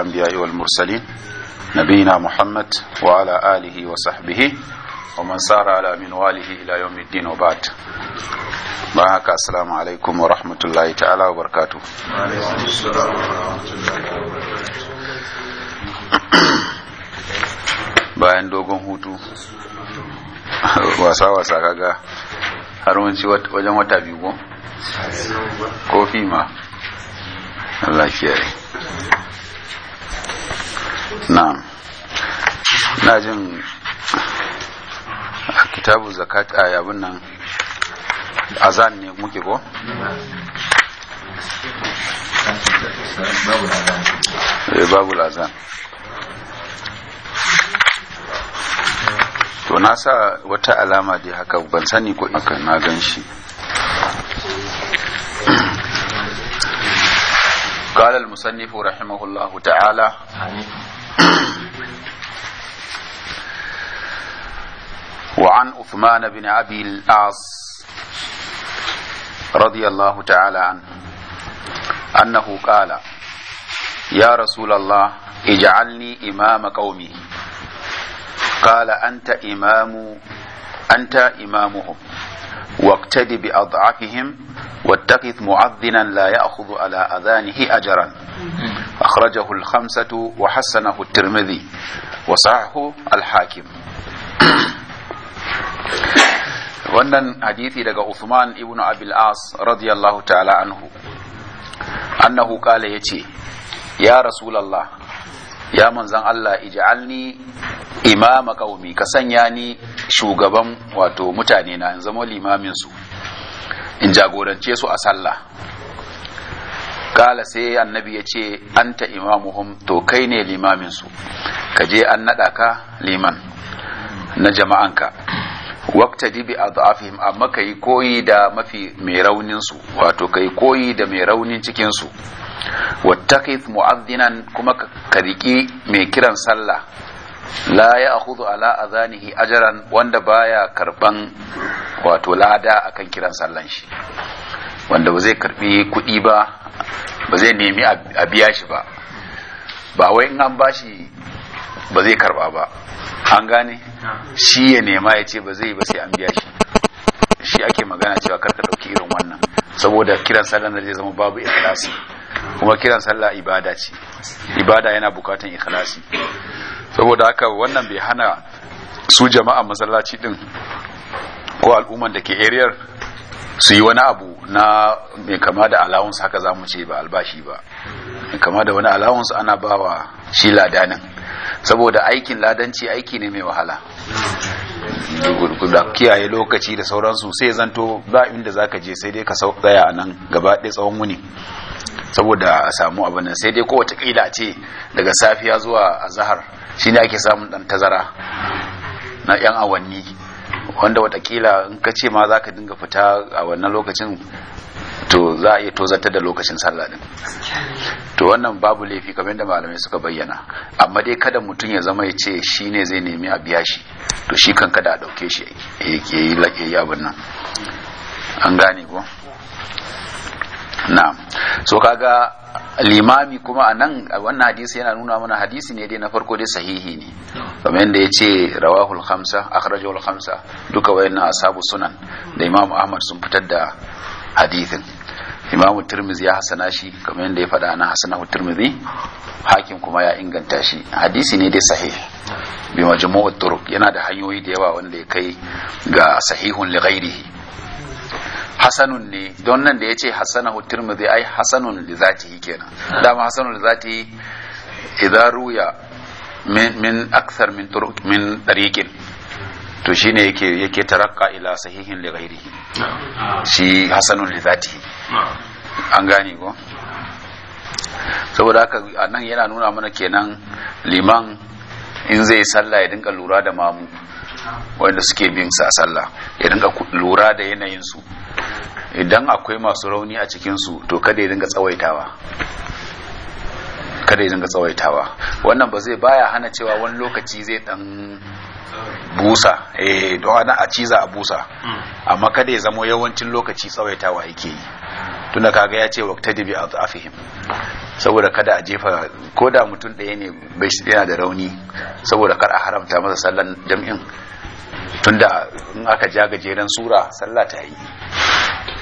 الأنبياء والمرسلين نبينا محمد وعلى آله وصحبه ومن سار على منواله إلى يوم الدين وبعد معك السلام عليكم ورحمة الله تعالى وبركاته bayan dogon hutu wasa-wasa kaga har wanci wajen wata biyu ko fi ma Allah kiyaye na'am na jin kitabu zakat a yabin nan a zan ne muke ko eh, babu azan to na sa wata alama dai haka ban sani ko haka na gan shi قال المصنف رحمه الله تعالى وعن عثمان بن أبي الأعص رضي الله تعالى عنه أنه قال يا رسول الله اجعلني إمام قومي قال أنت إمام أنت إمامهم واقتدي بأضعفهم واتخذ معذنا لا يأخذ على أذانه أجرا أخرجه الخمسة وحسنه الترمذي وصححه الحاكم wannan hadithi daga Uthman ibn Abil As radiyallahu ta'ala anhu annahu kala yace ya rasulullah ya manzan Allah ij'alni imama qaumi ka sanya ni shugaban wato mutane na zama limamin su in jagorance su a sallah kala sai annabi ya ce anta imamuhum to kai ne limaminsu su ka je an naɗa ka liman na jama'anka wakta dibi a za'afihim amma ka yi koyi da mafi mai raunin su wato ka koyi da mai raunin cikin su wattakif mu'azzinan kuma ka riƙi mai kiran sallah la ya akhudhu ala azanihi ajaran wanda baya karban wato lada akan kiran sallan shi wanda ba zai karbi kuɗi ba ba zai nemi a biya shi ba ba wai in an bashi ba zai karba ba an gane shi ya nema ya ce ba zai ba sai an biya shi shi ake magana cewa karka ɗauki irin wannan saboda kiran sallan da zai zama babu ikhlasi kuma kiran sallah ibada ce ibada yana bukatan ikhlasi saboda haka wannan bai hana su jama'a masallaci din ko al'umman da ke eriyar su yi wani abu na mai kama da allowance haka za mu ce ba albashi ba mai kama da wani allowance ana bawa shi ladanin saboda aikin ladanci aiki ne mai wahala da kiyaye lokaci da sauransu sai zanto ba inda za ka je sai dai ka tsaya a nan gaba ɗaya tsawon wuni saboda a samu abin sai dai ko watakila ce daga safiya zuwa azahar shine ne ake samun ɗan tazara na yan awanni wanda watakila in ka ce ma za ka dinga fita a wannan lokacin to za a iya tozatar da lokacin sallah din to wannan babu laifi kamar da malamai suka bayyana amma dai kada mutum ya zama ya ce shi ne zai nemi a biya shi to shi kan kada a ɗauke shi ya yi abin nan an gane ko Na so kaga limami kuma a nan wannan hadisi yana nuna mana hadisi ne dai na farko dai sahihi ne kamar yadda ya ce rawahul khamsa akhrajul khamsa duka wayannan asabu sunan da imamu ahmad sun fitar da hadisin imamu tirmizi ya hasana shi kamar yadda ya faɗa na hasanahu turmizi hakim kuma ya inganta shi hadisi ne dai sahih bi majmu'ut turuq yana da hanyoyi da yawa wanda ya kai ga sahihun li ghairihi hasanun ne don nan da ya ce hutun mu zai ai hasanun li zatihi kenan dama hasanun li zatihi yi ruya min min aksar min turuq min tariqin to shi yake yake tarakka ila sahihin da gairi shi hasanun li zatihi an gane ko saboda haka nan yana nuna mana kenan liman in zai sallah ya dinka lura da mamu wanda suke bin sa sallah ya dinka lura da yanayin su idan akwai masu rauni a cikinsu to kada ya dinga tsawaitawa kada ya dinga tsawaitawa wannan ba zai baya hana cewa wani lokaci zai dan busa eh don a ciza a busa amma kada ya zamo yawancin lokaci tsawaitawa yake yi tunda kaga ya ce waqtadi bi afihim saboda kada a jefa ko da mutum ɗaya ne yana da rauni saboda kar a haramta masa sallan jam'in tunda in aka ja gajeren sura sallah ta yi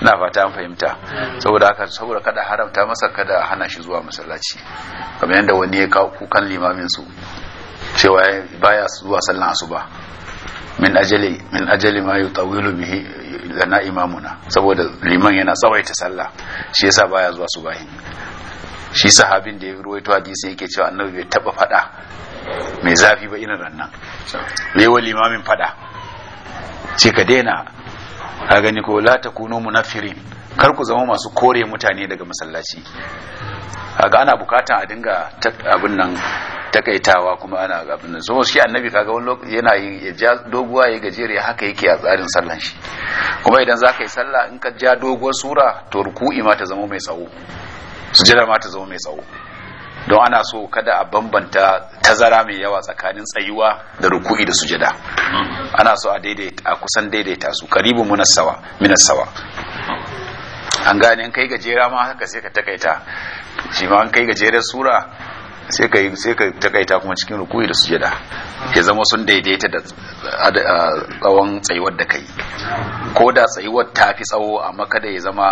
na fata an fahimta saboda aka saboda kada haramta masa kada hana shi zuwa masallaci kamar yadda wani ya kawo kukan limamin su cewa baya zuwa sallan asuba min ajali min ajali ma yutawilu bihi lana imamuna saboda liman yana tsawaita sallah shi yasa baya zuwa subahi shi sahabin da ya ruwaito hadisi yake cewa annabi bai taba fada mai zafi ba irin rannan yayi limamin fada ce ka daina a gani ko la kuno munafirin kar ku zama masu kore mutane daga masallaci A ga ana bukatan a dinga abin nan takaitawa kuma ana abin nan so shi annabi kaga wani lokaci yana yi ya ja doguwa ya gajere haka yake a tsarin sallan shi kuma idan za ka yi sallah in ka ja doguwar sura to ruku'i ma ta zama mai tsawo sujada ma ta zama mai tsawo don ana so kada a bambanta tazara mai yawa tsakanin tsayuwa da ruku'i da sujada ana so a daidaita kusan daidaita su karibu munassawa sawa. an gane in kai gajera ma haka sai ka takaita shi ma an kai gajeren sura sai ka sai ka takaita kuma cikin ruku'i da sujada ya zama sun daidaita da tsawon tsayuwar da kai ko da tsayuwar ta fi tsawo amma kada ya zama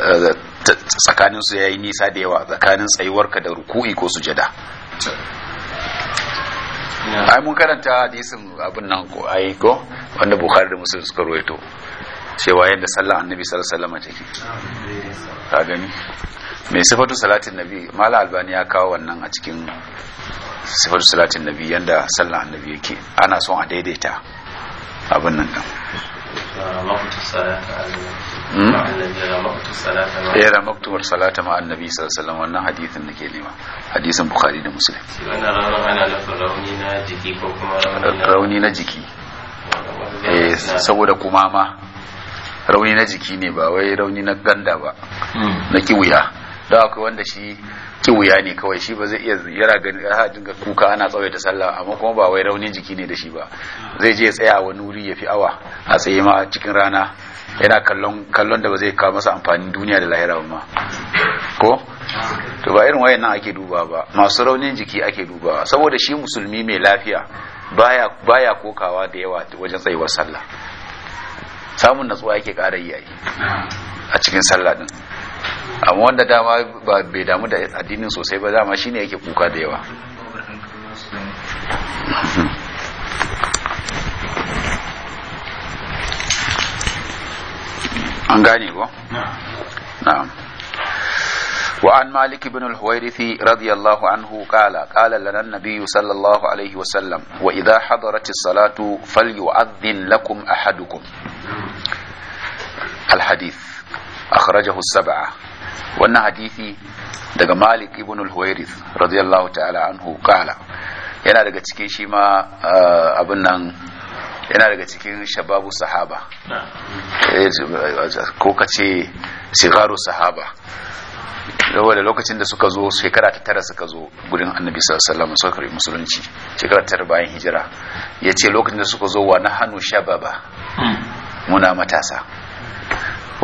eh, tsakanin su yayi nisa da yawa tsakanin tsayuwar ka da ruku'i ko sujada ai mun karanta hadisin abin nan ko ai ko wanda bukhari da muslim suka ruwaito cewa yadda sallah annabi sallallahu alaihi wasallam take ka gani mai sifatu salatin nabi mala albani ya kawo wannan a cikin sifatu salatin nabi yanda sallan annabi yake ana son a daidaita abin nan din hmm? ya ramaktu war salata ma annabi sallallahu wannan hadithin ke nema hadisin bukhari da muslim rauni na jiki eh, saboda kuma ma rauni na jiki ne ba wai rauni na ganda ba hmm. na kiwuya da akwai wanda shi wuya ne kawai shi ba zai iya yara gani ya dinga kuka ana tsawaita sallah amma kuma ba wai raunin jiki ne da shi ba zai je tsaya wani wuri ya fi awa a tsaye ma cikin rana yana kallon kallon da ba zai kawo masa amfanin duniya da lahira ba ko to ba irin wayannan ake duba ba masu raunin jiki ake duba saboda shi musulmi mai lafiya baya baya kokawa da yawa wajen tsayuwar sallah samun natsuwa yake ƙara yi a cikin sallah din amma wanda dama ba bai damu da addinin sosai ba dama shine yake kuka da yawa an gane ko na'am وعن مالك بن الحويرث رضي الله عنه قال قال لنا النبي صلى الله عليه وسلم وإذا حضرت الصلاة فليؤذن لكم أحدكم الحديث أخرجه السبعة wannan hadisi daga Malik ibn al huwairith radiyallahu ta'ala anhu qala yana daga cikin shi ma uh, abin nan yana daga cikin shababu sahaba eh, ko ka ce sigaru sahaba da lokacin da suka zo shekara ta tara suka zo gudun annabi sallallahu alaihi wasallam musulunci shekara ta tara bayan hijira yace lokacin da suka zo wa na hannu shababa hmm. muna matasa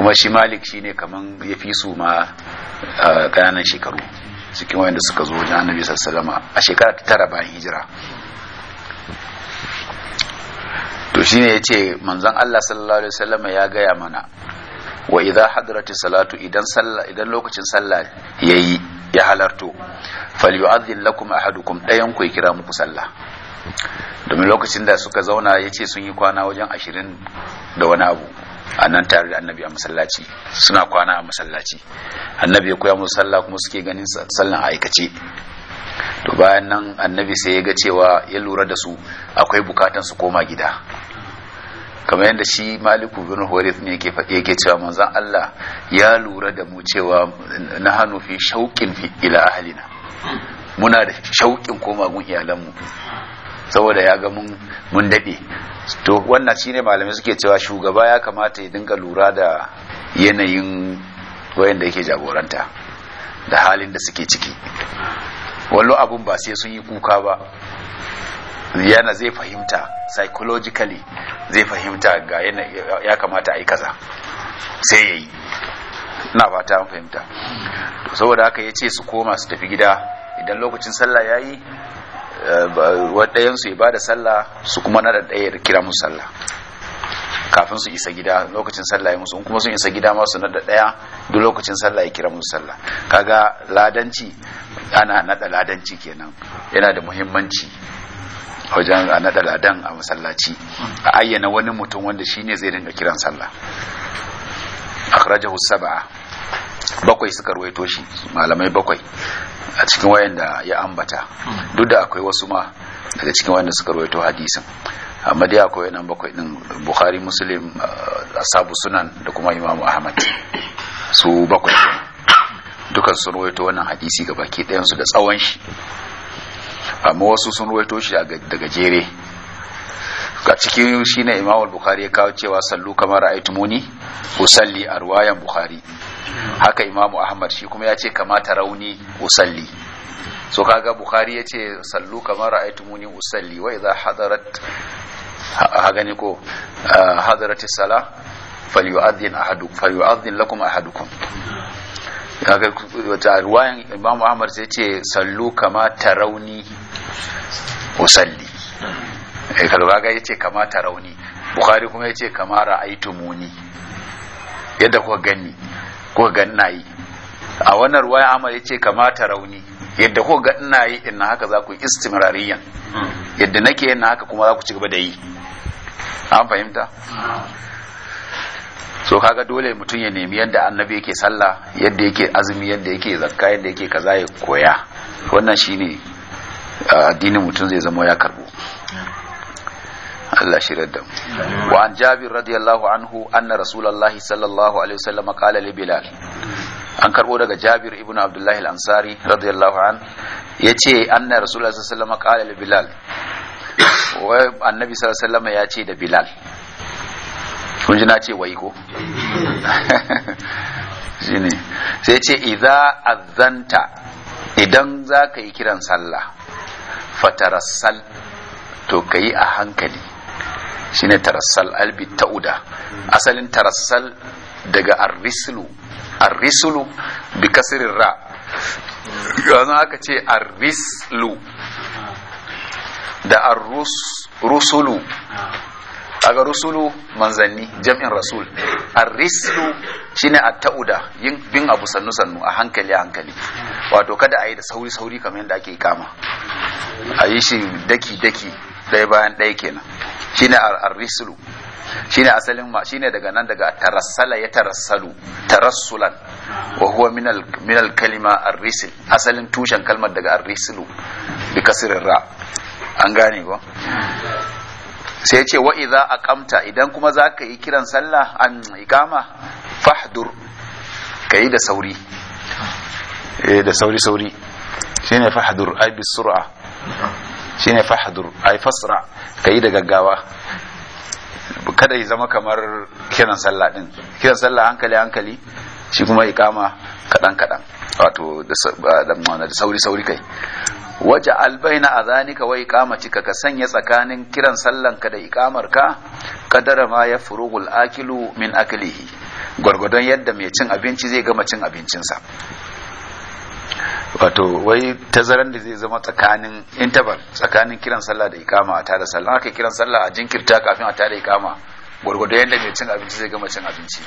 kuma shi malik shine kaman ya fi su ma ƙananan shekaru cikin wayanda suka zo wajen annabi sassalama a shekara ta tara bayan hijira to shine yace manzon Allah sallallahu alaihi wasallama ya gaya mana wa idan hadirati salatu idan lokacin sallah yi ya halarto falyu'adhdhin lakum ahadukum ɗayan ku kira muku sallah domin lokacin da suka zauna ya ce sun yi kwana wajen ashirin da wani abu a nan tare da annabi a masallaci suna kwana a masallaci annabi ya koya musu sallah kuma suke ganin sallan a aikace to bayan nan annabi sai ya ga cewa ya lura da su akwai bukatan su koma gida kamar yadda shi maliku bin horis ne yake cewa manzan Allah ya lura da mu cewa na hannu fi shauƙin ila ahalina muna da shauƙin koma gun mu. saboda ya ga mun daɗe to wannan shine malamai suke cewa shugaba ya kamata ya dinga lura da yanayin wayanda yake jagoranta da halin da suke ciki wallo abun ba sai sun yi kuka ba yana zai fahimta psychologically zai fahimta ga ya kamata a yi kaza sai ya yi na fata an fahimta saboda haka ya ce su koma su tafi gida idan lokacin sallah ya yi Eh, ɗayan su ya bada sallah su kuma na ɗaya kira musu sallah kafin su isa gida lokacin sallah ya musu kuma sun isa gida ma su na ɗaya duk lokacin sallah ya kira musu sallah kaga ladanci ana naɗa ladanci kenan yana da muhimmanci wajen a naɗa ladan a masallaci a ayyana wani mutum wanda shine zai dinga kiran sallah akhrajahu sab'a bakwai suka ruwaito shi malamai bakwai a cikin wayan da ya ambata duk da akwai wasu ma daga cikin wayan da suka ruwaito hadisin amma dai akwai nan bakwai din bukhari muslim uh, asabu sunan da kuma imam ahmad su bakwai dukan sun ruwaito wannan hadisi gabaki ke ɗayan su da tsawon shi amma wasu sun ruwaito shi daga jere a cikin shi ne imamul bukhari ya kawo cewa sallu kamar ra'aytumuni usalli arwayan bukhari haka imamu ahmad shi kuma ya ce kamata rauni usalli so kaga bukhari ya ce sallu kamar ra'aytumuni usalli wa idza hadarat ha gani ko ah, hadarat sala falyu'adhin ahadukum falyu'adhin lakum ahadukum kaga wata ruwayan imamu ahmad sai ce sallu kama rauni usalli kalbaga ya ce kamata rauni bukari kuma ya ce kama ra'aitu muni yadda kuka gani kuka ganna yi a wannan ruwaya amal ya ce kama rauni yadda kuka ganna yi in haka za ku istimrariyan yadda nake yin haka kuma za ku ci gaba da yi an fahimta so kaga dole mutum ya nemi yadda annabi yake sallah yadda yake azumi yadda yake zakka yadda yake kaza ya koya wannan shine ah, addinin mutum zai zama ya karbo Allah shi da wa an jabir radiyallahu anhu anna rasulullahi sallallahu alaihi wasallam qala li bilal an karbo daga jabir ibn abdullahi al-ansari radiyallahu an yace anna rasulullahi sallallahu alaihi wasallam qala li bilal Wa annabi sallallahu alaihi wasallam ya ce da bilal kun ji na ce wai ko shine sai ce idza azanta idan za ka yi kiran sallah fatarassal to ka yi a hankali shine tarassal albi ta'uda asalin tarassal daga arrislu arrislu bi kasirin ra yanzu aka ce arrislu da arrusulu aga rusulu manzanni jami'in rasul arrislu shine at-ta'uda yin bin abu sannu sannu a hankali hankali wato kada a yi da sauri sauri kamar yadda ake kama a yi shi daki daki ɗaya bayan ɗaya kenan shine ar-rislu shine asalin ma shine daga nan daga tarassala ya tarassalu tarassulan wa huwa min al min al kalima ar-risl asalin tushen kalmar daga ar-rislu bi kasrin ra an gane ko sai ya ce wa idza aqamta idan kuma zaka yi kiran sallah an iqama fahdur kai da sauri eh da sauri sauri shine fahdur ai bi sur'a shine fahdur ai fasra kai da gaggawa kada ya zama kamar kiran sallah din kiran sallah hankali hankali shi kuma ikama kadan kadan wato da sauri sauri kai waje albaina a zanika wai ikamatika ka sanya tsakanin kiran ka da ka kadara ma ya furugul akilu min akilihi gwargwadon yadda mai cin abinci zai gama cin abincinsa wato wai tazaran da zai zama tsakanin interval tsakanin kiran sallah da ikama a tare sallah aka kiran sallah a jinkirta kafin a tare ikama gwargwado yadda mai cin abinci zai gama cin abinci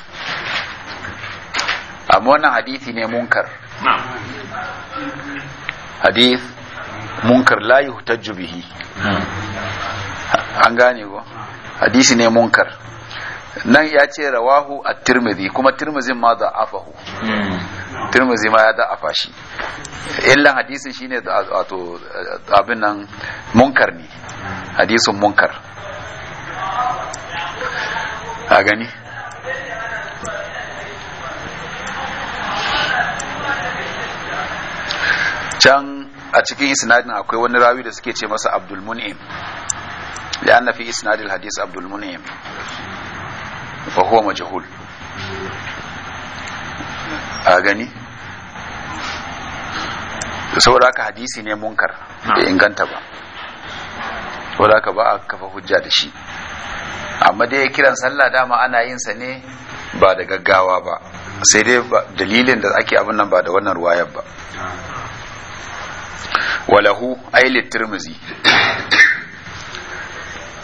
amma wannan hadithi ne munkar hadith munkar layi yuhtajju bihi an gane ko hadisi ne munkar nan ya ce rawahu at-tirmidhi kuma tirmidhin ma a afahu hmm. turmuzi ma ya da'afa shi illan hadisin shine wato abin nan munkar ne hadisin munkar a gani can a cikin isnadin akwai wani rawi da suke ce masa abdul mun'im ya annafi isnadin hadis abdul mun'im fa huwa majhul a gani saboda haka hadisi ne munkar da inganta ba saboda haka ba a kafa hujja da shi amma dai kiran sallah dama ana yin sa ne ba da gaggawa ba sai dai dalilin da ake abin nan ba da wannan ruwayar ba walahu ailit tirmizi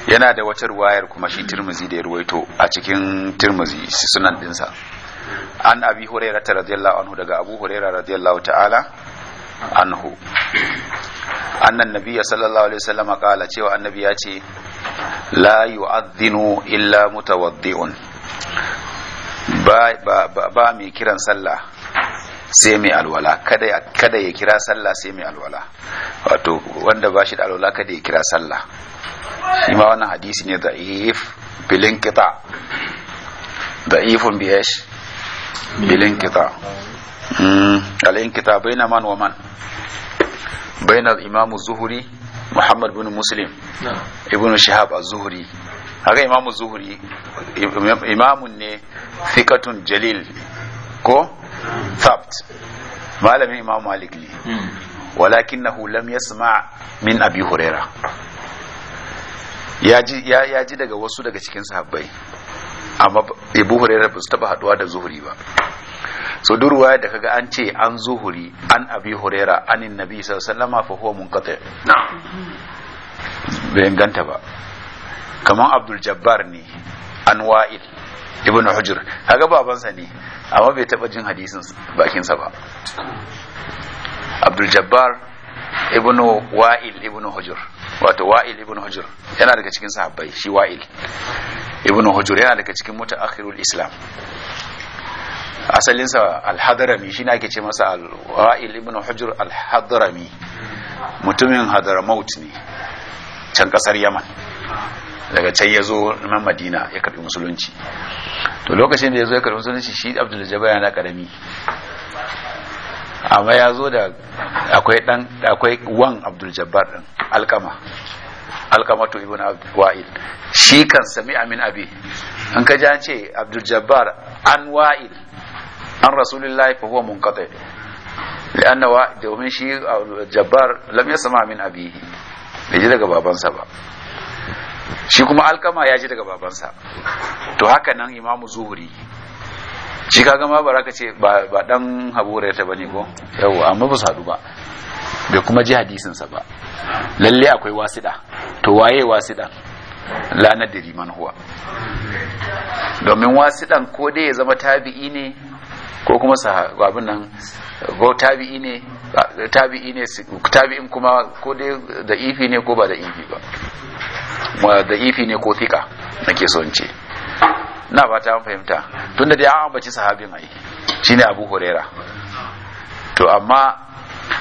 yana da wata ruwayar kuma shi turmuzi da ya ruwaito a cikin tirmizi sunan dinsa an abi ta radiyallahu anhu daga abu hurera radiyallahu ta'ala anhu annan nabiya sallallahu alaihi wasallam kala cewa annabi ya ce la yu'adhdhinu illa mutawaddi'un ba ba ba mai kiran sallah sai mai alwala kada kada ya kira sallah sai mai alwala wato wanda ba shi da alwala kada ya kira sallah shi ma wannan hadisi ne da'if bilin qita da ifun ish bilinqita hmm. al-inqita baina man wa man baina al-imam az muhammad bin muslim ibn shihab az-zuhri haka imam zuhuri, zuhri imamun ne thiqatun jalil ko thabt malamin imamu malik ne walakin hmm. walakinahu lam suma min abi hurera, ya ji daga wasu daga cikin sahabbai amma ibu huraira ba su taba haduwa da zuhuri ba so durwa da kaga an ce an zuhuri an abi huraira anin nabi sallama fa huwa munqati bai ganta ba kamar abdul jabbar ne an wa'il Ibnu hujr kaga babansa ne amma bai taba jin hadisin bakinsa ba abdul jabbar ibn wa'il Ibnu hujr wato wa'il ibn hujur yana daga cikin sahabbai shi wa'il ibn hujur yana daga cikin mutaakhirul islam asalinsa al-hadrami shi ake ce masa wa'il ibn hujur al-hadrami mutumin hadramaut ne can kasar yaman daga can ya zo nan madina ya karbi musulunci to lokacin da ya zo ya karbi musulunci shi abdul jabbar yana karami amma ya zo da akwai dan akwai wan abdul jabbar din alkama to ibn wa'il shi kan sami amin abi an ka an ce abdul jabbar an wa'il an rasulullahi fa huwa munqati lianna wa domin shi jabbar lam sami amin abi bai ji daga babansa ba shi kuma alkama ya ji daga babansa to haka nan imamu zuhuri shi kaga ma bara ka ce ba dan habura ta bane ko yau amma ba su ba bai kuma ji hadisin sa ba lalle akwai wasida to waye wasidan la nadiri man huwa domin wasidan ko dai ya zama tabi'i ne ko kuma sahabin nan ko tabi'i ne tabi'i ne tabi'in kuma ko dai da ifi ne ko ba da ifi ba da ifi ne ko thika nake son ce na ba ta fahimta tun da dai an ambaci sahabin ai shine abu horera to amma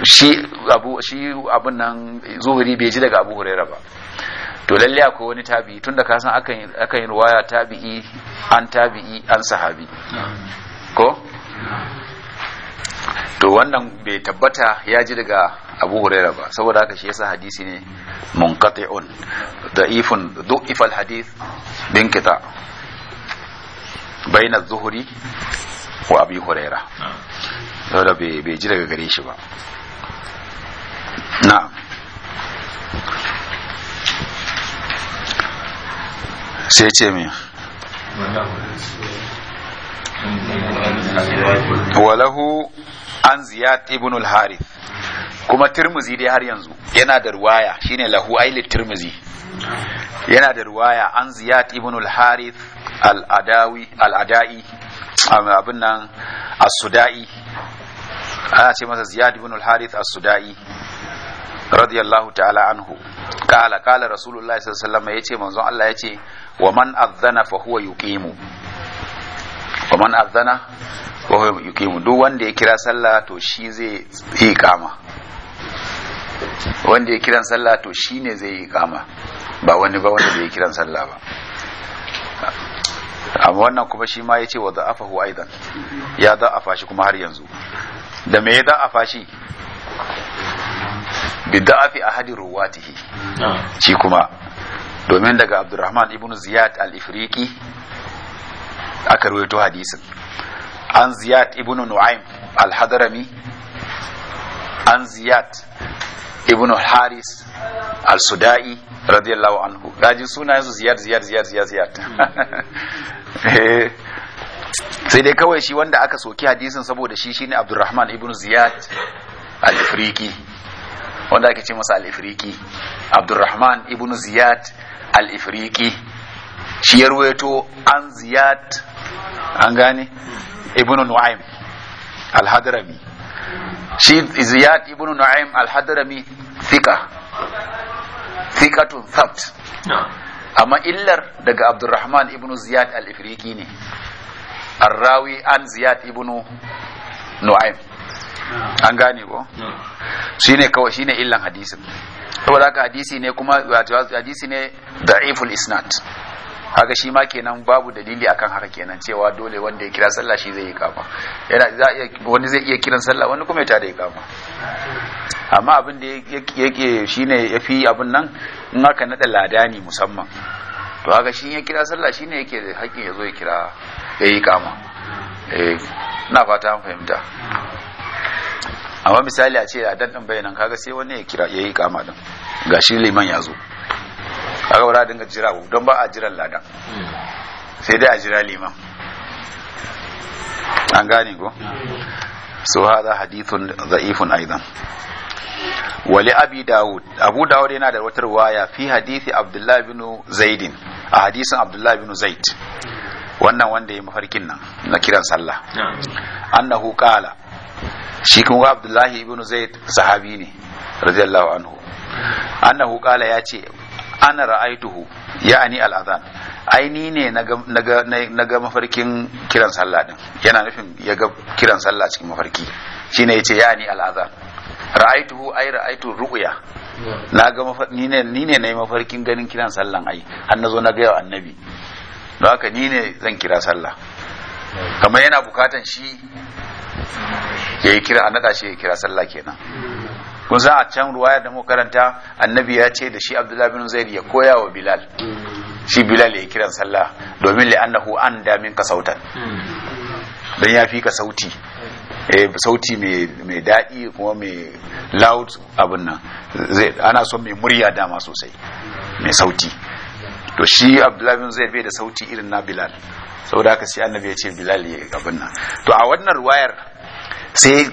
shi abu shi abun nan zuhuri bai ji daga abu huraira ba to lalle akwai wani tabi'i tunda ka san akan akan yi ruwaya tabi'i an tabi'i an sahabi ko to wannan bai tabbata ya ji daga abu huraira ba saboda haka shi yasa hadisi ne munqati'un ifun du'ifal hadith bin kita Bayna zuhuri wa abi huraira saboda bai ji daga gare shi ba na sai ce an ziyad ibn al-harith kuma tirmizi dai har yanzu yana da ruwaya shine lahu ailit tirmizi yana da ruwaya an ziyad ibn al-harith al-adawi al-adai abin nan as-sudai ana ce masa ziyad ibn al-harith as-sudai radiyallahu ta'ala anhu kala kala rasulullahi sallallahu alaihi wasallam yace manzon Allah yace wa man adzana fa huwa yuqimu faman azana wa huwa yuqimu duk wanda ya kira sallah to shi zai yi kama wanda ya kiran sallah to shine zai yi kama ba wani ba wanda bai kiran sallah ba amma wannan kuma shi ma yace wa da'afahu aidan ya da'afa shi kuma har yanzu da me ya da'afa shi bi da'afi ahadi ruwatihi ah. shi kuma domin daga Abdurrahman ibn Ziyad al-Ifriqi aka rawaito hadisin an ziyad ibn nu'aym al-hadrami an ziyad ibn haris al-sudai radiyallahu anhu rajin suna yanzu ziyad ziyad ziyad ziyad ziyad eh, sai dai kawai shi wanda aka soki hadisin saboda shi shine abdurrahman ibn ziyad al-ifriqi wanda ake ce masa al-ifriqi abdurrahman ibn ziyad al-ifriqi shi ya an ziyad an gane ibn nu'aym al-hadrami shi ziyad ibn nu'aym al-hadrami thika tun thabt amma illar daga abdurrahman ibn ziyad al-ifriqi ne arrawi an ziyad ibn nu'aym an gane ko shine kawai shine illan hadisin saboda haka hadisi ne kuma hadisi ne da'iful isnad haka shi ma kenan babu dalili akan haka kenan cewa dole wanda ya kira sallah shi zai yi kama yana za iya wani zai iya kiran sallah wani kuma ya tada ya kama amma abin da yake shine yafi abin nan in aka nada ladani musamman to haka shi ya kira sallah shine yake da hakkin ya zo ya kira ya yi kama eh ina fata an fahimta amma misali a ce a dan din bayanan kaga sai wani ya kira ya yi kama din gashi liman ya zo a ga wura dinga jira don ba a jiran lada sai dai a jira liman an gane ko so hada hadithun za'ifun aidan wali abi dawud abu dawud yana da wata riwaya fi hadithi abdullahi bin zaidin a hadisin abdullahi bin zaid wannan wanda ya mafarkin nan na kiran sallah annahu qala shi kuma abdullahi ibn zaid sahabi ne radiyallahu anhu annahu qala ya ce ana ra'aituhu ya'ani al'adhan aini ne na ga mafarkin kiran sallah din yana nufin ya ga kiran sallah cikin mafarki shine yace ya'ani al'azan. ra'aituhu ai ra'aitu ru'ya na ga ni ne ni ne nayi mafarkin ganin kiran sallan ai har nazo na ga annabi don haka ni ne zan kira sallah kamar yana bukatan shi yayi kira a shi ya kira sallah kenan kun san a can ruwaya da muka annabi ya ce da shi abdullahi bin zaid ya koya wa bilal shi bilal ya kiran sallah domin annahu an da min ka sautan don ya fi ka sauti eh, sauti mai daɗi kuma mai loud abin nan ana so mai murya dama sosai mai sauti to shi abdullahi bin zaid bai da sauti irin na bilal saboda haka sai annabi ya ce bilal ya abin nan to a wannan ruwayar sai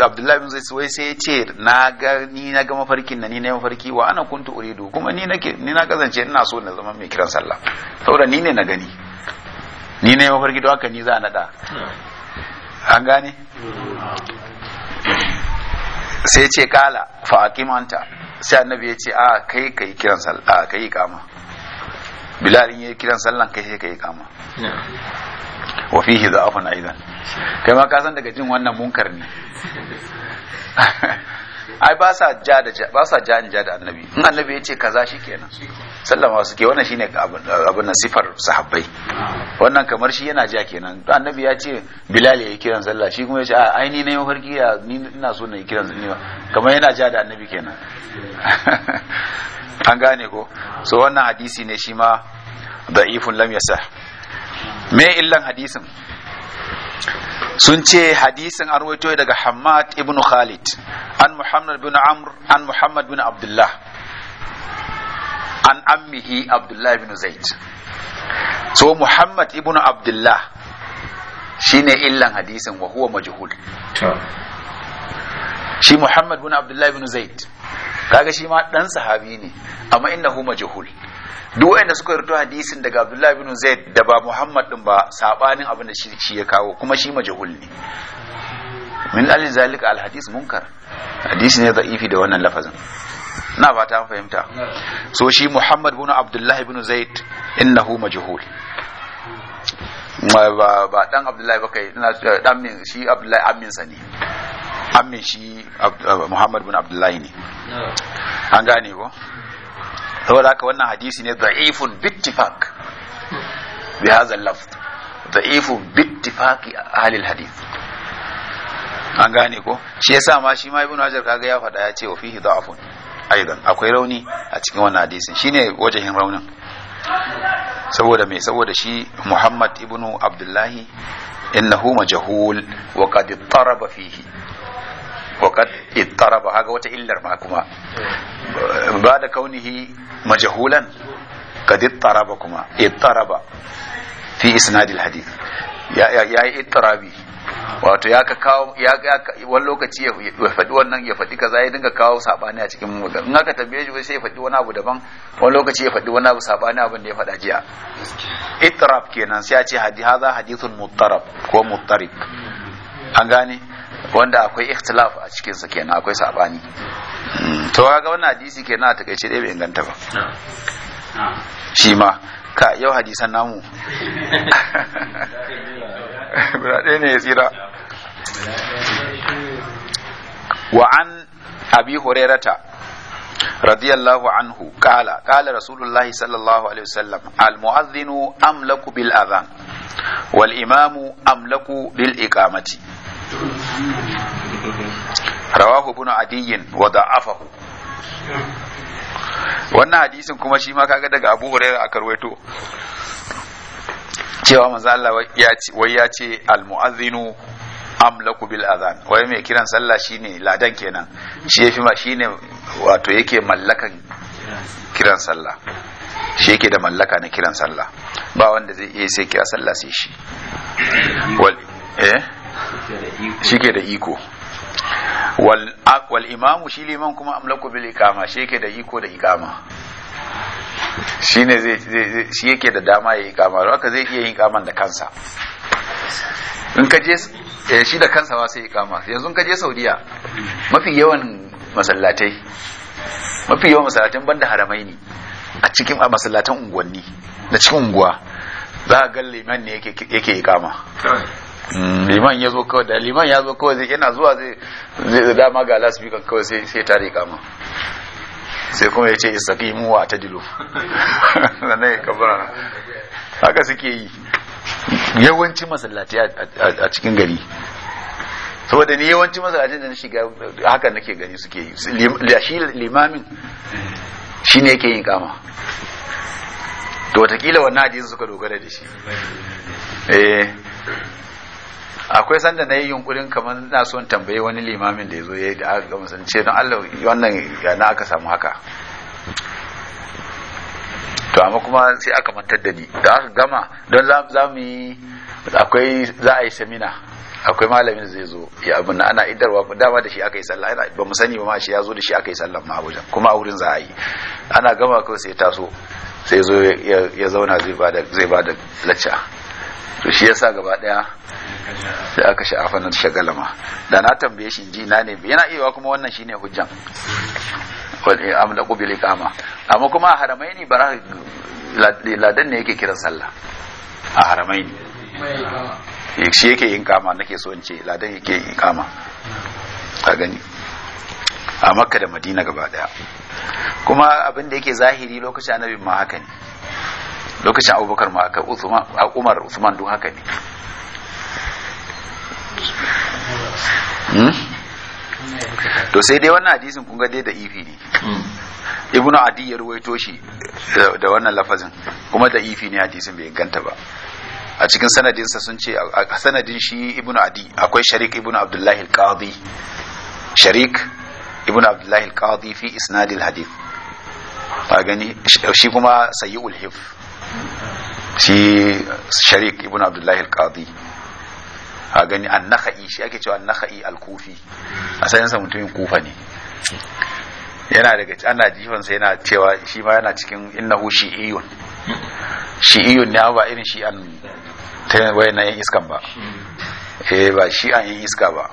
abdullahi bin zai sai ya ce na ga ni na ga mafarkin na ni na mafarki wa ana kuntu uridu kuma ni nake ni na kasance ina so na zama mai kiran sallah saboda ni ne na gani ni ne mafarki don haka ni za a nada an gane sai ce kala fa aqimanta sai annabi ya ce a kai kai kiran sallah kai kama bilal in yi kiran sallah kai sai kai kama wa fihi da'afun aidan kai ma ka san daga jin wannan munkar ne ai ba sa ja da ba sa ja ja da annabi in annabi yace kaza shikenan sallama suke wannan shine abin nan sifar sahabbai wannan kamar shi yana ja kenan to annabi ya ce bilal ya yi kiran sallah shi kuma ya ce a ai ni ne mafarki ya ni ina so na yi kiran sallah kamar yana ja da annabi kenan an gane ko so wannan hadisi ne shi ma ifun lam yasah me illan hadisin sun ce hadisin an rawaito daga Hamad ibn Khalid an Muhammad bin Amr an Muhammad bin Abdullah an ammihi Abdullah ibn Zaid so Muhammad ibn Abdullah shine illan hadisin wa huwa majhul shi Muhammad bin Abdullah bin Zaid kaga shi ma dan sahabi ne amma innahu majhul duk wanda suka rito hadisin daga Abdullah bin Zaid da ba Muhammad din ba sabanin abin da shi ya kawo kuma shi majhul ne min alin zalika alhadis munkar hadisi ne da'ifi da wannan lafazin na ba ta fahimta so shi Muhammad bin Abdullah bin Zaid innahu majhul ba dan Abdullahi ba kai dan min shi Abdullahi amin sa ne hammin shi uh, muhammad bin abdullahi ne an gane ko saboda haka wannan hadisi ne da'ifun bittifak bi hadha lafz da'ifun ahli hadith an gane ko shi yasa ma shi ma ibnu hajar kaga ya fada ya ce wa fihi da'afun aidan akwai rauni a cikin wannan hadisin shine wajahin raunin saboda me saboda shi muhammad ibnu abdullahi innahu majhul wa qad taraba fihi وقد اضطرب هذا وتا إلر ما كما بعد كونه مجهولا قد اضطرب كما اضطرب في إسناد الحديث يا يا يا اضطرابي wato ya ka kawo ya wani lokaci ya faɗi wannan ya faɗi kaza ya dinga kawo sabani a cikin mutum in aka tambaye shi sai ya faɗi wani abu daban wani lokaci ya faɗi wani abu sabani abin da ya faɗa jiya ittirab kenan sai ya ce hadi hadha hadithun muttarab ko muttarik an gane wanda akwai ikhtilaf a cikin sa kenan akwai sabani hmm, to kaga wannan hadisi kenan a takaice dai bai inganta ba shi ma ka yau hadisan namu guda ɗaya ne ya tsira wa an abi hurairata radiyallahu anhu kala kala rasulullahi sallallahu alaihi wasallam almu'adhdhinu amlaku bil adhan wal imamu amlaku bil iqamati rawahu ibn adiyin wa da'afahu wannan hadisin kuma shi ma kaga daga Abu Hurairah a rawaito cewa manzo Allah wai ya ce al mu'adhdhinu amlaku bil adhan wai mai kiran sallah shine ladan kenan shi yafi ma shine wato yake mallakan kiran sallah shi yake da mallaka na kiran sallah ba wanda zai iya sai kira sallah sai shi wal eh shike da iko wal imamu shi liman kuma amlaku bil ikama shike da iko da ikama shine zai shi yake da dama ya ikama don haka zai iya yin ikaman da kansa in ka je eh, shi da kansa ba sai ikama yanzu ka je saudiya mafi yawan masallatai mafi yawan masallatan banda haramai ne a cikin a masallatan unguwanni da cikin unguwa za a ga liman ne yake ikama Mhm. liman ya zo kawai da liman ya zo kawai zai yana zuwa zai zai dama ga lasbikan kawai sai sai ta rika sai kuma ya ce istaqimu wa tadilu dilo. ya kabara haka suke yi yawanci masallaci a cikin gari saboda ni yawanci masallacin da na shiga haka nake gani suke yi shi limamin shi ne yake yin kama to watakila wannan hadisi suka dogara da shi eh akwai sanda na yi yunkurin kamar na son tambayi wani limamin da ya zo ya yi da aka ga sun ce don allah wannan na aka samu haka to amma kuma sai aka mantar da ni da aka gama don za mu yi akwai za a yi samina akwai malamin zai zo ya abin na ana idarwa dama da shi aka yi sallah ba mu sani ba ma shi ya zo da shi aka yi sallah ma wajen kuma a wurin za a yi ana gama kawai sai taso sai zo ya zauna zai ba da lacca to shi yasa gaba daya sai aka sha'afa na shagalama da na tambaye shi ji na ne yana iya kuma wannan shine hujjan wal amla qabil iqama amma kuma a haramaini bara ladan ne yake kiran sallah a haramaini shi yake yin kama nake so in ce ladan yake yin kama a gani a makka da madina gaba daya kuma abin da yake zahiri lokacin annabi ma haka ne lokacin abubakar ma haka umar usman don haka ne hmm? to sai dai wannan hadisin kun ga dai da ifi ne hmm. ibn adi ya ruwaito shi da wannan lafazin kuma da ifi ne hadisin bai ganta ba a cikin sanadinsa sun ce a sanadin shi ibn adi akwai sharik ibn abdullahi al-qadi sharik ibn abdullahi al-qadi fi isnadil hadith a gani shi kuma Ul hifz shi sharik ibn abdullahi al-qadi a gani annaka'i shi ake cewa annaka'i al-kufi asalinsa mutumin kufa ne yana daga ana jifansa yana cewa shi ma yana cikin innahu shi'iyun shi'iyun ne ba irin shi'an ta na yan iskan ba eh ba shi'an yan iska ba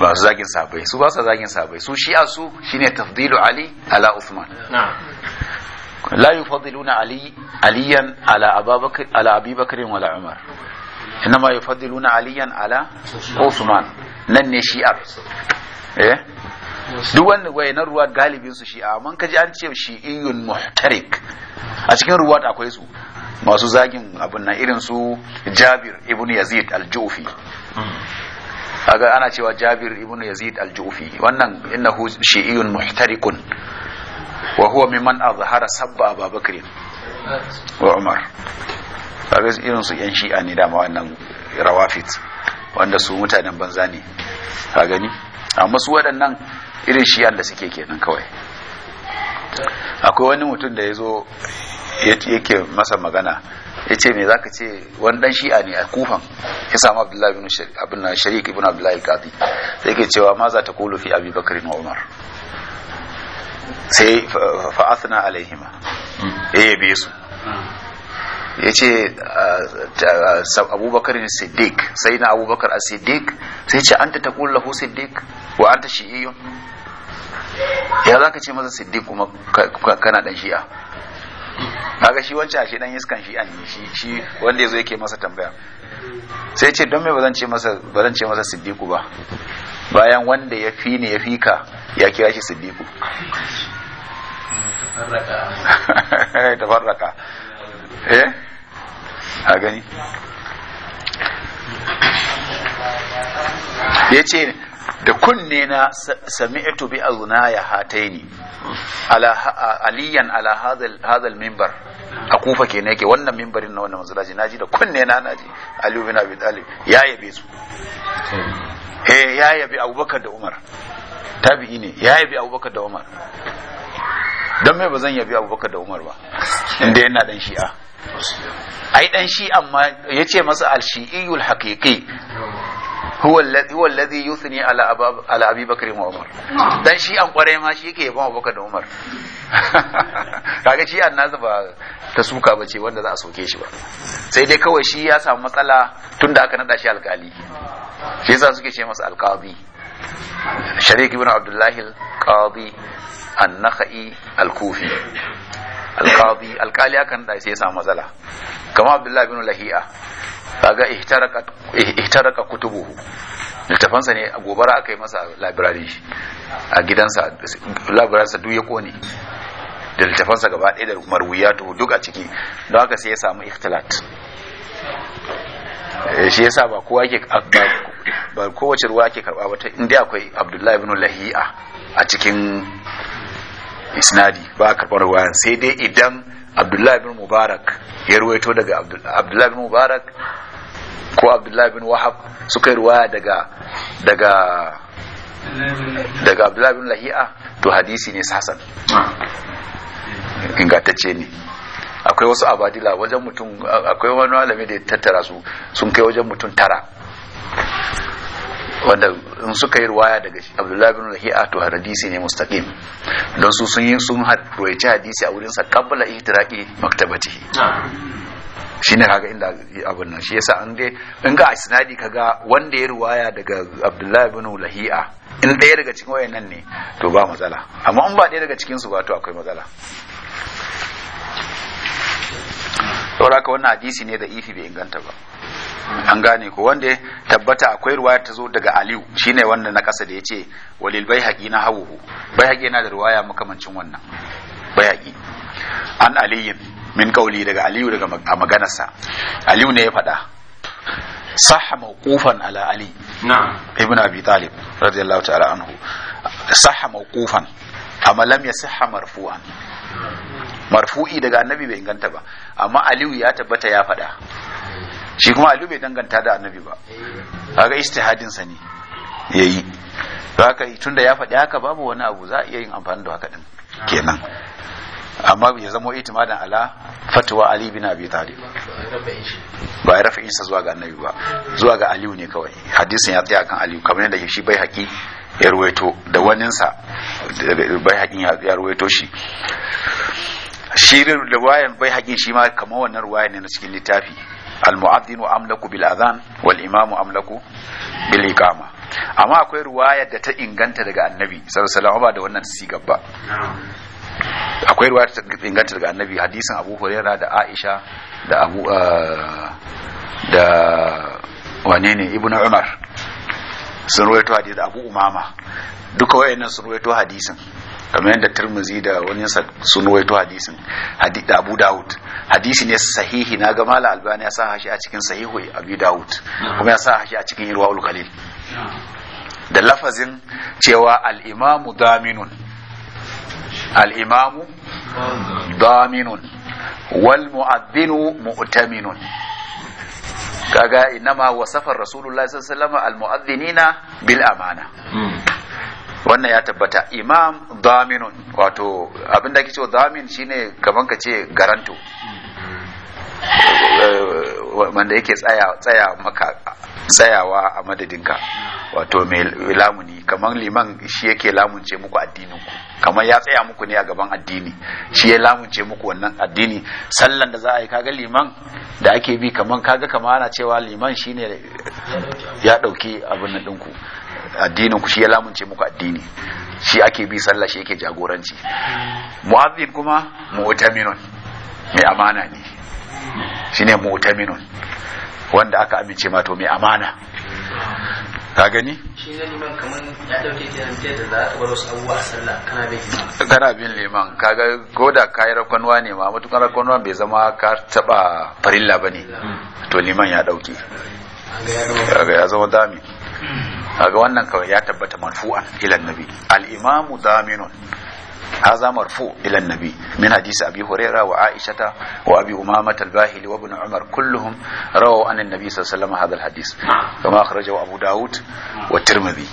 ba su zagin sabai su ba su zagin sabai su shi'a su shine tafdilu ali ala uthman la yufaddiluna ali aliyan ala ababakar ala abubakar wala umar inma yufaddiluna aliyan ala usman nan ne shi'ar eh duk wanda wayanan ruwa galibin su shi'a amma kaji an ce shi'iyyun muhtarik a cikin ruwa akwai su masu zagin abun nan irin su Jabir ibn Yazid al-Jufi aga ana cewa Jabir ibn Yazid al-Jufi wannan innahu shi'iyyun muhtarikun wa huwa mimman azhara sabba abubakar wa umar kaga irin su yan shi'a ne dama wannan rawafit wanda su mutanen banza ne ka gani amma su waɗannan irin shi'an da suke kenan kawai akwai wani mutum da ya zo yake masa magana ya ce me za ka ce wani dan shi'a ne a kufan ya samu abdullahi ibn sharik ibn abdullahi kadi sai ke cewa ma za ta kulu fi abi umar sai fa'athna alaihima hmm. ya bi su hmm. ya ce ah, abubakar ne siddiq sai na abubakar a siddiq sai ce an ta taƙun lahu siddiq wa an ta shi'iyun ya za ka ce masa siddiq kuma kana dan shi'a kaga shi wancan ashe dan iskan shi'a ne shi shi wanda yazo yake masa tambaya sai ce don me bazan ce masa bazan ce masa siddiq ba bayan wanda ya fi ne ya fi ka ya kira shi siddiqu tafarraka eh a gani ya ce da kunne na sami'tu bi azunaya hataini aliyan ala hadhal mimbar a kufa ke kenan yake wannan mimbarin na wannan na ji da kunne na naji aliyu bin abi ya yabe su eh ya yabi abubakar da umar tabi'i ne ya yabi abubakar da umar don mai ba zan yabi abubakar da umar ba inda yana dan shi'a ai dan shi'a amma ya ce masa al-shi'iyul haqiqi huwa alladhi yuthni ala ala abi bakr wa umar dan shi'a an kware ma shi yake yabon abubakar da umar kaga shi'a annaza ba ta suka bace wanda za a soke shi ba sai dai kawai shi ya samu matsala tunda aka nada shi alkali shi yasa suke ce masa alqadi shariq ibn abdullahi alqadi an-nakhai al-kufi alqadi alqali akan da sai ya samu matsala kamar abdullahi ibn lahi'a kaga ihtaraka ihtaraka kutubuhu littafansa ne a gobara aka yi masa labirari a gidansa sa duk ya kone da littafansa gaba ɗaya da marwiyatu duk a ciki don haka sai ya samu ikhtilat Eh, shi yasa ba kowa ke ba kowace ruwa ke karba wata inda akwai abdullahi ibn lahi'a a cikin isnadi ba karbar ruwa sai dai idan abdullahi ibn mubarak ya ruwaito daga abdullahi ibn mubarak ko abdullahi ibn wahab suka ruwa daga daga daga abdullahi ibn lahi'a to hadisi ne sasan ingantacce ne akwai wasu abadila wajen mutum akwai wani malami da ya tattara su sun kai wajen mutum tara wanda in suka yi ruwaya daga abdullahi bin a to hadisi ne mustaqim don su sun yi sun ruwaici hadisi a wurinsa kabbala maktabati Shi ne kaga inda abin nan shi yasa an dai in ga ka kaga wanda ya ruwaya daga abdullahi bin lahiya in ɗaya daga cikin nan ne to ba matsala amma in ba ɗaya daga cikin su ba to akwai matsala saboda haka wannan hadisi ne da ifi bai inganta ba an gane ko wanda tabbata akwai ruwaya ta zo daga aliyu shine wanda na kasa da ya ce walil bai haƙi na hawuhu bai haƙi yana da ruwaya makamancin wannan bai haƙi an aliyin min kauli daga aliyu daga a maganarsa aliyu ne ya faɗa sahha mawqufan ala ali na ibn abi talib radiyallahu ta'ala anhu sahha mawqufan amma lam yasihha marfu'an marfu'i daga annabi bai inganta ba amma aliyu ya tabbata ya faɗa shi kuma aliyu bai danganta da annabi ba kaga istihadin sa ne yayi haka tunda ya faɗi haka babu wani abu za a iya yin amfani da haka din kenan amma ya zamo itimadan ala fatwa ali bin abi talib ba ya rafa insa zuwa ga annabi ba zuwa ga aliyu ne kawai hadisin ya tsaya kan aliyu kamar yadda shi bai haƙi ya ruwaito da waninsa bai haƙin ya ruwaito shi shi riwayan bai haƙi shi ma kamar wannan riwaya ne na cikin littafi al-mu'adhdhin amlaku bil adhan wal imamu amlaku bil iqama amma akwai riwaya da ta inganta daga annabi sallallahu ba da wannan akwai riwaya ta inganta daga annabi hadisin Abu Hurairah da Aisha da Abu uh, da wane ne Ibnu Umar sun ruwaito hadisi da Abu Umama duka wayannan sun ruwaito hadisin kamar yadda tirmizi da wani sun waito hadisin da abu dawud hadisi ne sahihi na ga mala albani ya sa hashi a cikin sahihu abu dawud kuma ya sa hashi a cikin irwa ulkalil da lafazin cewa al'imamu daminun al'imamu daminun wal mu'addinu mu'taminun kaga inama wasafar rasulullahi sallallahu alaihi wasallam al mu'adhdhinina bil amana hmm. wannan ya tabbata imam daminun wato abinda da ake cewa damin shine kaman ka ce garanto Eh, wanda yake tsaya maka tsayawa a madadinka wato mai lamuni kamar liman shi yake lamunce muku addininku kamar ya tsaya muku ne a gaban addini shi ya lamunce muku wannan addini sallan da za a yi kaga liman da ake bi kamar kaga kamar ana cewa liman shine ya dauki abin nan dinku addinin ku shi ya lamunce muku addini shi ake bi sallah shi yake jagoranci mu'azzin kuma mu'taminun mai amana ne shine mu'taminun wanda aka amince ma to mai amana ka gani shi ne liman kaman ya dauke ta da za ka bar wasu abubuwa a sallah kana bin liman kana bin liman kaga goda kai rakonwa ne ma mutukan rakonwa bai zama ka taba farilla bane to liman ya dauke kaga ya zama dami kaga wannan kawai ya tabbata manfu'an ilan nabi al imamu daminun هذا مرفوع إلى النبي من حديث أبي هريرة وعائشة وأبي أمامة الباهلي وابن عمر كلهم رووا عن النبي صلى الله عليه وسلم هذا الحديث كما أخرجه أبو داود والترمذي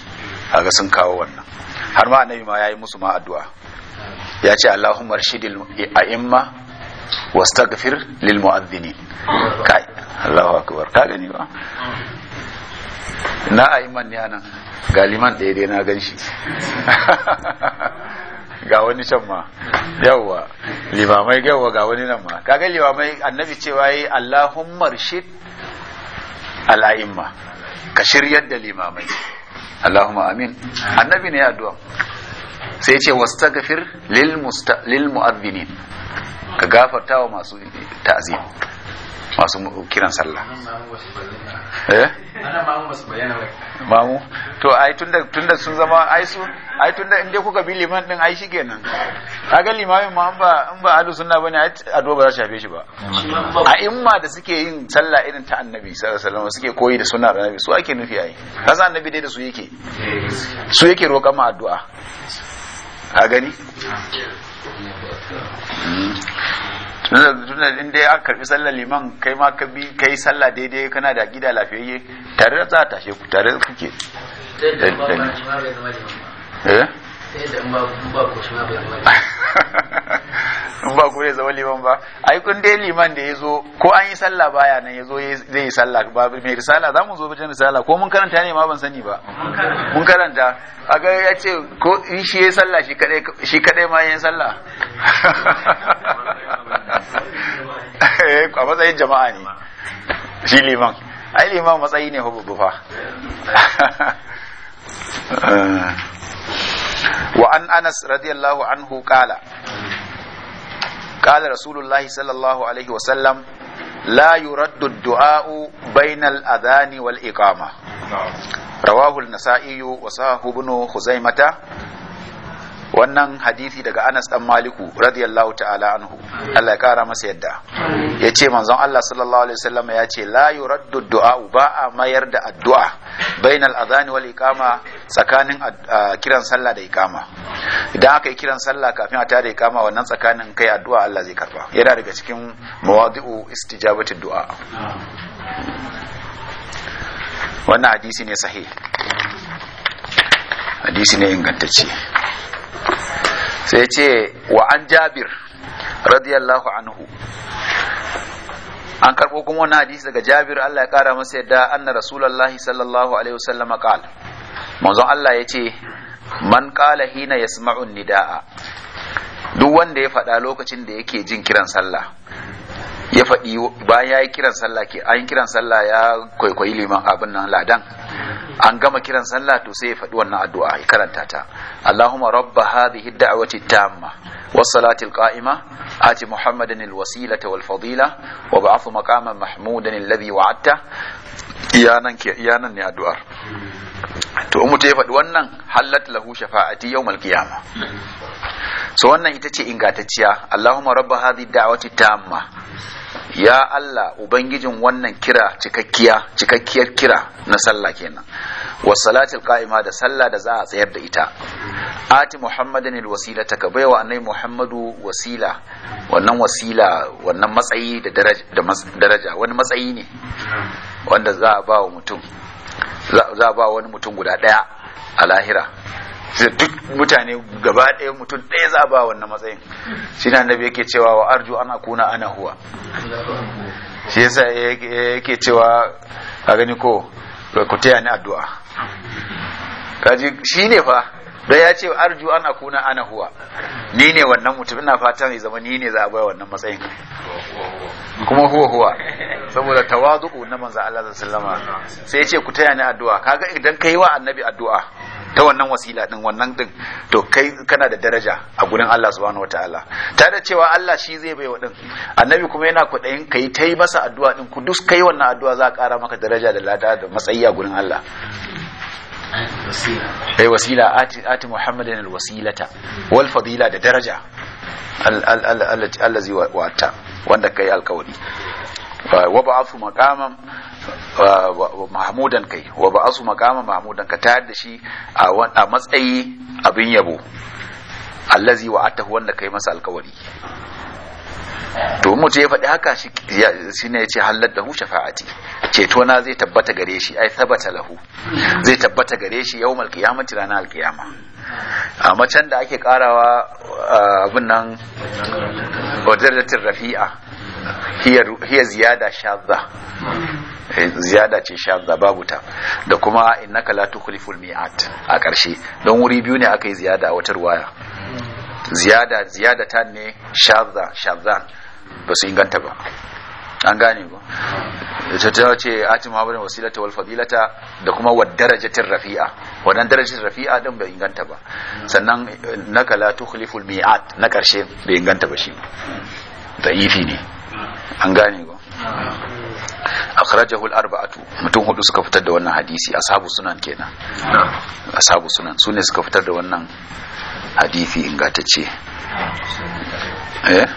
هذا سنكاو ونا har ma annabi ma yayi musu ma addu'a ya ce Allahumma rashidil a'imma wastaghfir lil mu'adhdhini kai Allahu akbar ka gani ba na galiman dai na gan shi ga wani can ma yawwa limamai yawwa ga wani nan ma kaga limamai annabi cewa yi Allahumma rshid al'a'imma ka shiryar da limamai Allahumma amin annabi ne addu'a sai ce wastaghfir gafir lil mu'adhdhinin ka gafarta wa masu ta'azi masu kiran sallah ana bayyana eh? mamu to ai tunda tunda sun zama ai su ai tunda in kuka bi liman din ai shikenan kaga limamin ma ba in ba ahlus sunna bane ai addu'a ba za shafe shi ba a imma da suke yin sallah irin ta annabi sallallahu alaihi wasallam suke koyi da sunna annabi su ake nufi ai kaza annabi dai da su yake su yake roƙa ma addu'a a gani tunda in dai aka karbi sallar liman kai ma ka bi kai sallah daidai kana da gida lafiyayye tare da za a tashe ku tare da kuke in ba ku ya eh? zama liman ba ai kun dai liman da ya zo ko an yi sallah baya nan ya zo zai yi sallah ba mai risala za mu zo bijin risala ko mun karanta ne ma ban sani ba mun karanta a ga ya ce ko shi ya sallah shi kadai ma ya sallah Eh, a matsayin jama'a ne shi liman ai liman matsayi ne hububufa wa an anas radiyallahu anhu kala kala rasulullahi sallallahu alaihi wasallam la yuraddu du'a'u bainal adhani wal iqama rawahu an-nasa'i wa sahibnu khuzaimah wannan hadisi daga Anas dan Maliku radiyallahu ta'ala anhu Allah ya kara masa yadda yace manzon Allah sallallahu alaihi wasallam ya ce la yuraddu du'a ba a mayar da addu'a bainal adhan wal iqama tsakanin kiran sallah da iqama idan aka yi kiran sallah kafin a tare iqama wannan tsakanin kai addu'a Allah zai karba yana daga cikin mawadi'u istijabati du'a wannan hadisi ne sahih hadisi ne ingantacce sai ce wa an jabir radiyallahu anhu an karɓo kuma wani hadisi daga jabir Allah ya kara masa yadda anna rasulullahi sallallahu alaihi wasallam qal manzon Allah yace ce man qala hina yasma'un nida'a duk wanda ya faɗa lokacin da yake jin kiran sallah ya faɗi bayan ya yi kiran sallah ke an kiran sallah ya kwaikwayi liman abin nan ladan an gama kiran sallah to sai ya faɗi wannan addu'a ya karanta ta Allahumma rabba hadhihi ad-da'wati tamma والصلاة القائمة آت محمدا الوسيلة والفضيلة وابعث مقاما محمودا الذي وعدته iyanan ne addu'ar to in ta ya faɗi wannan hallat lahu shafa'ati yawmal qiyama so wannan ita ce ingantacciya Allahumma rabba hadhi da'wati tamma ya Allah ubangijin wannan kira cikakkiya cikakkiyar kira na sallah kenan wa salatil qa'ima da sallah da za a tsayar da ita ati muhammadin alwasila ta bai wa annai muhammadu wasila wannan wasila wannan matsayi da daraja wani matsayi ne wanda za a ba wa mutum za a ba wani mutum guda ɗaya a lahira duk mutane gaba ɗaya mutum ɗaya za a ba wannan matsayin shi na annabi yake cewa wa arju ana kuna ana huwa shi yasa yake cewa a gani ko ku taya ni addu'a kaji shi ne fa da ya ce arju an akuna ana huwa ni ne wannan mutum ina fatan ya zama ni ne za a bai wannan matsayin kuma huwa huwa saboda tawazu'u na manzo Allah Sallallahu alaihi wasallam sai ya ce ku taya ni addu'a kaga idan kai wa annabi addu'a ta wannan wasila din wannan din to kai kana da daraja a gurin Allah subhanahu wataala ta da cewa Allah shi zai bai wa din annabi kuma yana kudayin kai ta yi masa addu'a din ku duk kai wannan addu'a za a kara maka daraja da lada da matsayi a gurin Allah ai wasila ati muhammadin wasilata, wal fadila da daraja allazi wata wanda ka yi alkawari wa ba'athu maqaman mahmudan kai wa ba'athu maqaman mahmudan ka tayar da shi a matsayi abin yabo allazi wa'atahu wanda ka yi masa alkawari to mutu ya faɗi haka shi ne ya ce hallar da hu shafa'ati ceto na zai tabbata gare shi ai sabata lahu zai tabbata gare shi yau malkiyamati ranar alkiyama a macen da ake karawa abin nan wadardatin rafi'a hiya ziyada shazza eh, ziyada ce shazza babu ta da kuma innaka la tukhliful mi'at a ƙarshe don wuri biyu ne aka yi ziyada a wata ruwaya ziyada Ziyada ta ne shadda shaddan ba su inganta ba an gane ba ita ta ce ati muhammadin wasilata wal fadilata da kuma wa darajatin rafi'a wannan darajatin rafi'a din bai inganta ba sannan naka la tukhlifu al mi'at na karshe bai inganta ba shi da'ifi ne an gane ba akhrajahu al arba'atu mutum hudu suka fitar da wannan hadisi ashabu sunan kenan ashabu sunan sune suka fitar da wannan hadisi ingantacce eh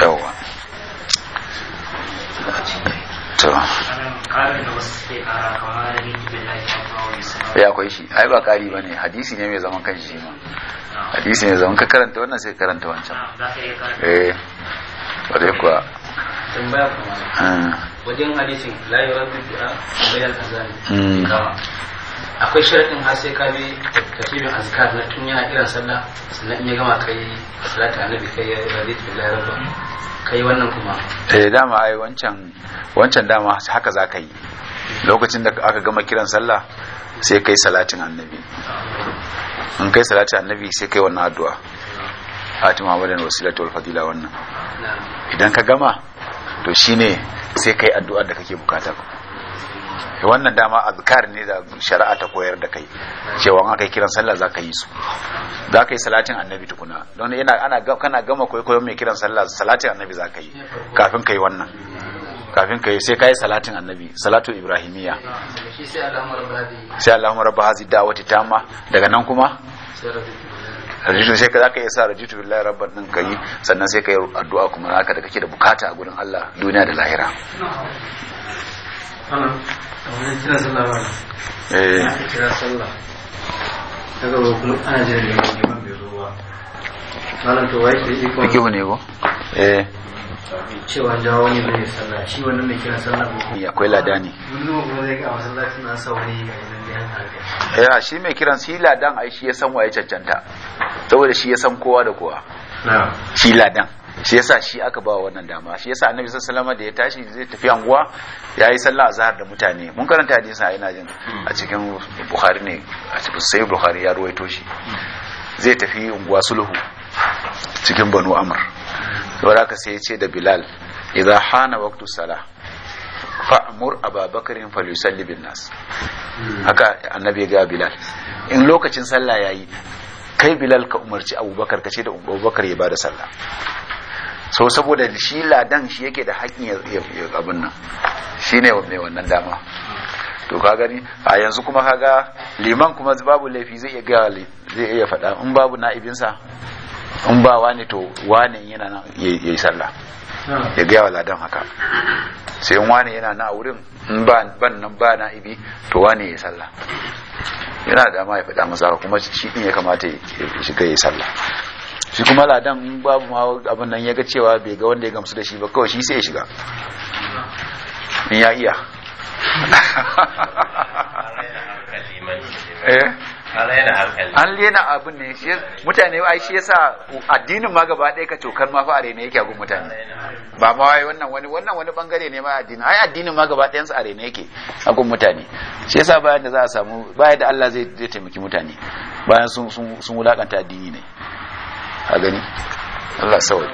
yawa to ya eh, akwai shi ai ba kari bane hadisi ne mai zaman kan shi ma hadisi ne zaman ka karanta wannan sai karanta wancan eh bare kuwa hmm. wajen hadisin la yuraddu bi'a bayan azan hmm. akwai sharaɗin har sai ka bi tafiyar azkar na tun yana kiran sallah sannan in ya gama kai salatu annabi kai ya radit billahi rabba kai wannan kuma eh dama ai wancan wancan dama haka za ka yi lokacin da aka gama kiran sallah sai kai salatin annabi in kai salatin annabi sai kai wannan addu'a Fatima wadan wasilatul fadila wannan idan ka gama to shine sai kai addu'ar da kake bukata Eh, wannan dama azkar ne da shari'a ta koyar da kai cewa an kai kiran sallah zaka yi su zaka yi salatin annabi tukuna don yana ana kana gama koyo mai kiran sallah salatin annabi zaka yi kafin kai wannan kafin kai sai kai salatin annabi salatu ibrahimiya sai allahumma rabb hadhihi da'wati tamma daga nan kuma rajitu sai za ka yi sa rajitu billahi rabban din kai sannan sai kai addu'a kuma zaka da kake da bukata a gurin Allah duniya da lahira Fikihu ne ko? Eh. Cewa jawo ne mai sallah, shi wannan mai kira sallah ko? Ya akwai lada ne. Wani kuma zai ga masallaci na sa wani ga yanzu ya shi mai kiran shi ladan ai shi ya san waye cancanta. Saboda shi ya san kowa da kowa. Shi ladan. shi yasa shi aka ba wannan dama shi yasa annabi sallallahu alaihi da ya tashi zai tafi anguwa yayi sallah azhar da mutane mun karanta hadisin a ina jin a cikin bukhari ne a cikin sahih bukhari ya ruwaito shi zai tafi unguwa sulhu cikin banu amr saboda haka sai ya ce da bilal idza hana waqtu salah fa'amur ababakarin falusalli bin nas haka annabi ga bilal in lokacin sallah yayi kai bilal ka umarci abubakar ka ce da abubakar ya da sallah so saboda shi ladan shi yake da haƙƙin ya abin nan shi ne mai wannan dama to ka gani a yanzu kuma kaga liman kuma babu laifi zai iya gaya zai iya faɗa in babu na'ibinsa in ba wani to wani yana nan yi sallah ya gaya wa ladan haka sai in wani yana na a wurin in ba ban nan ba na'ibi to wani ya yi sallah yana dama ya faɗa masa kuma shi din ya kamata ya shiga ya yi sallah shi kuma ladan in babu ma abin nan ya ga cewa bai ga wanda ya gamsu da shi ba kawai shi sai ya shiga ya iya eh? an lena abin ne mutane ai shi yasa addinin ma gaba ɗaya ka tokar ma fa arena yake a gun mutane ba ma wai wannan wani wannan wani bangare ne ma addinin ai addinin ma gaba ɗayan su arena yake a gun mutane shi yasa bayan da za a samu bayan da Allah zai taimaki mutane bayan sun sun wulakanta addini ne a gani Allah sauri